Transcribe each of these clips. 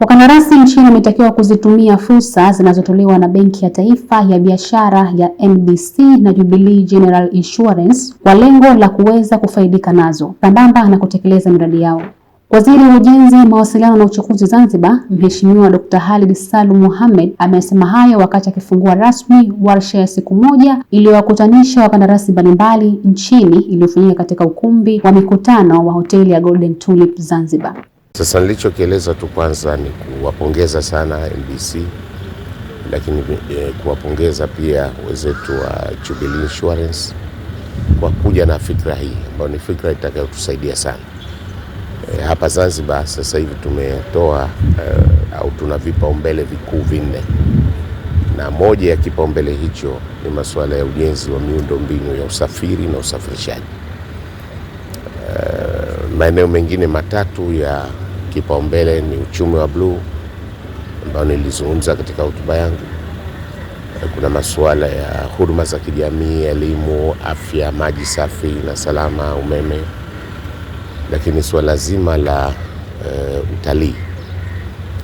Wakandarasi nchini wametakiwa kuzitumia fursa zinazotolewa na Benki ya Taifa ya Biashara ya NBC na Jubilee General Insurance kwa lengo la kuweza kufaidika nazo sambamba na kutekeleza miradi yao. Waziri wa Ujenzi, Mawasiliano na Uchukuzi Zanzibar, Mheshimiwa Dkt. Khalid Salum Mohamed amesema hayo wakati akifungua rasmi warsha ya siku moja iliyowakutanisha wakandarasi mbalimbali nchini iliyofanyika katika ukumbi wa mikutano wa hoteli ya Golden Tulip Zanzibar. Sasa nilichokieleza tu kwanza ni kuwapongeza sana NBC, lakini eh, kuwapongeza pia wenzetu wa Jubilee Insurance kwa kuja na fikra hii ambayo ni fikra itakayotusaidia sana eh, hapa Zanzibar. Sasa hivi tumetoa eh, au tuna vipaumbele vikuu vinne, na moja ya kipaumbele hicho ni masuala ya ujenzi wa miundombinu ya usafiri na usafirishaji. Eh, maeneo mengine matatu ya kipaumbele ni uchumi wa bluu ambao nilizungumza katika hotuba yangu. Kuna masuala ya huduma za kijamii, elimu, afya, maji safi na salama, umeme, lakini suala zima la uh, utalii.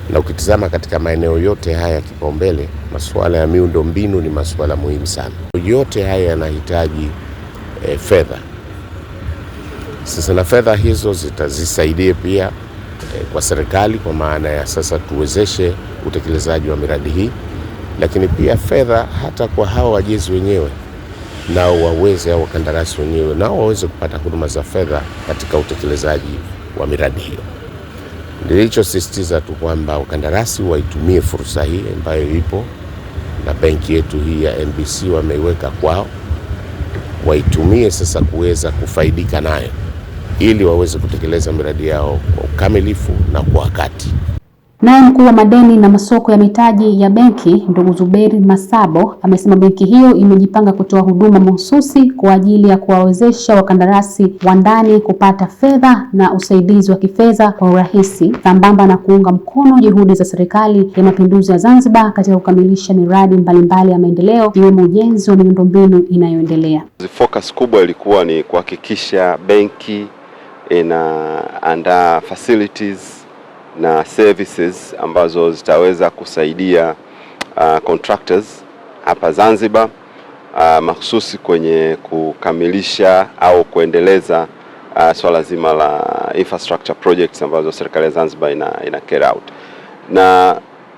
Na ukitizama katika maeneo yote haya ya kipaumbele, masuala ya miundo mbinu ni masuala muhimu sana. Yote haya yanahitaji uh, fedha sasa na fedha hizo zitazisaidie pia Eh, kwa serikali kwa maana ya sasa tuwezeshe utekelezaji wa miradi hii, lakini pia fedha hata kwa hawa wajezi wenyewe nao waweze au wakandarasi wenyewe nao waweze kupata huduma za fedha katika utekelezaji wa miradi hiyo. Nilichosisitiza tu kwamba wakandarasi waitumie fursa hii ambayo ipo na benki yetu hii ya NBC wameiweka kwao, waitumie sasa kuweza kufaidika nayo ili waweze kutekeleza miradi yao kwa ukamilifu na kwa wakati. Naye mkuu wa madeni na masoko ya mitaji ya benki ndugu Zuberi Masabo amesema benki hiyo imejipanga kutoa huduma mahususi kwa ajili ya kuwawezesha wakandarasi wa ndani kupata fedha na usaidizi wa kifedha kwa urahisi sambamba na kuunga mkono juhudi za serikali ya mapinduzi ya Zanzibar katika kukamilisha miradi mbalimbali ya maendeleo ikiwemo ujenzi wa miundombinu inayoendelea. Focus kubwa ilikuwa ni kuhakikisha benki inaandaa facilities na services ambazo zitaweza kusaidia uh, contractors hapa Zanzibar uh, mahususi kwenye kukamilisha au kuendeleza uh, swala zima la infrastructure projects ambazo serikali ya Zanzibar ina, ina carry out. Na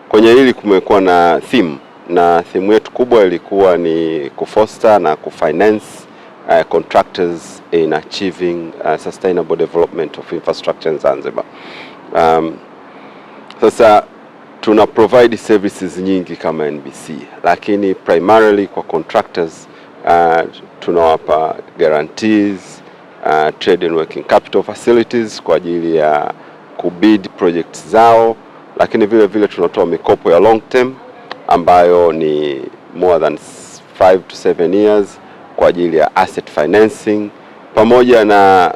kwenye hili kumekuwa na theme na theme yetu kubwa ilikuwa ni kufoster na kufinance uh, contractors in achieving uh, sustainable development of infrastructure in Zanzibar. Um, sasa tuna provide services nyingi kama NBC, lakini primarily kwa contractors uh, tunawapa guarantees uh, trade and working capital facilities kwa ajili ya kubid projects zao, lakini vile vile tunatoa mikopo ya long term ambayo ni more than 5 to 7 years kwa ajili ya asset financing pamoja na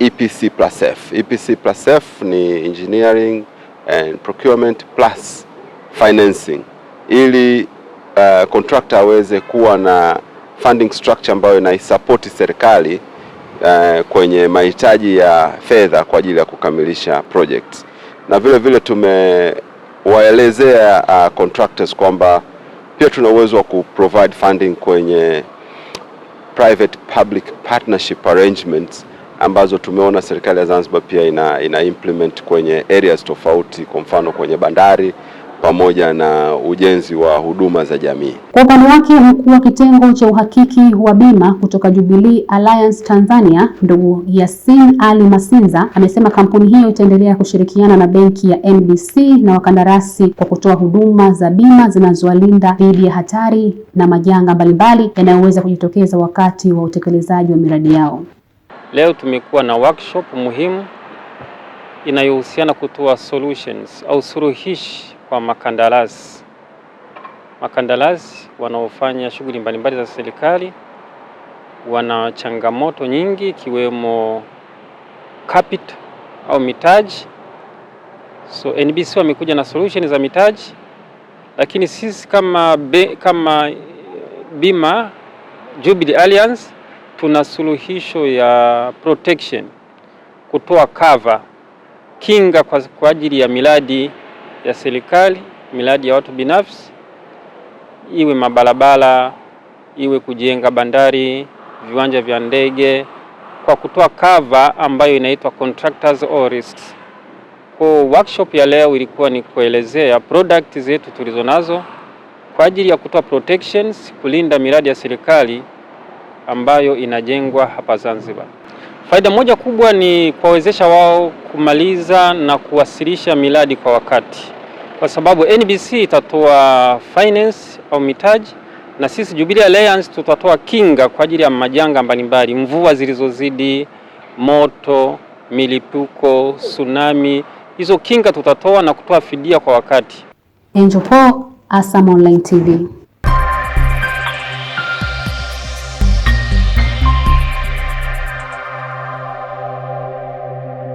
EPC plus F. EPC plus F ni engineering and procurement plus financing ili uh, contractor aweze kuwa na funding structure ambayo inaisapoti serikali uh, kwenye mahitaji ya fedha kwa ajili ya kukamilisha project, na vile vile tumewaelezea uh, contractors kwamba pia tuna uwezo wa kuprovide funding kwenye private public partnership arrangements ambazo tumeona serikali ya Zanzibar pia ina, ina implement kwenye areas tofauti, kwa mfano kwenye bandari pamoja na ujenzi wa huduma za jamii. Kwa upande wake, mkuu wa kitengo cha uhakiki wa bima kutoka Jubilee Alliance Tanzania, ndugu Yasin Ali Masinza amesema kampuni hiyo itaendelea kushirikiana na benki ya NBC na wakandarasi kwa kutoa huduma za bima zinazowalinda dhidi ya hatari na majanga mbalimbali yanayoweza kujitokeza wakati wa utekelezaji wa miradi yao. Leo tumekuwa na workshop muhimu inayohusiana kutoa solutions au suluhishi kwa makandarasi, makandarasi wanaofanya shughuli mbalimbali za serikali wana changamoto nyingi ikiwemo capital au mitaji. So NBC wamekuja na solution za mitaji, lakini sisi kama, be, kama eh, bima Jubilee Alliance tuna suluhisho ya protection, kutoa cover kinga kwa, kwa ajili ya miradi ya serikali, miradi ya watu binafsi, iwe mabarabara, iwe kujenga bandari, viwanja vya ndege, kwa kutoa kava ambayo inaitwa contractors or risks. Kwa workshop ya leo ilikuwa ni kuelezea product zetu tulizonazo kwa ajili ya kutoa protections kulinda miradi ya serikali ambayo inajengwa hapa Zanzibar. Faida moja kubwa ni kuwawezesha wao kumaliza na kuwasilisha miradi kwa wakati kwa sababu NBC itatoa finance au mitaji na sisi Jubilee Alliance tutatoa kinga kwa ajili ya majanga mbalimbali, mvua zilizozidi, moto, milipuko, tsunami. Hizo kinga tutatoa na kutoa fidia kwa wakati. Angel Paul, ASAM Online TV.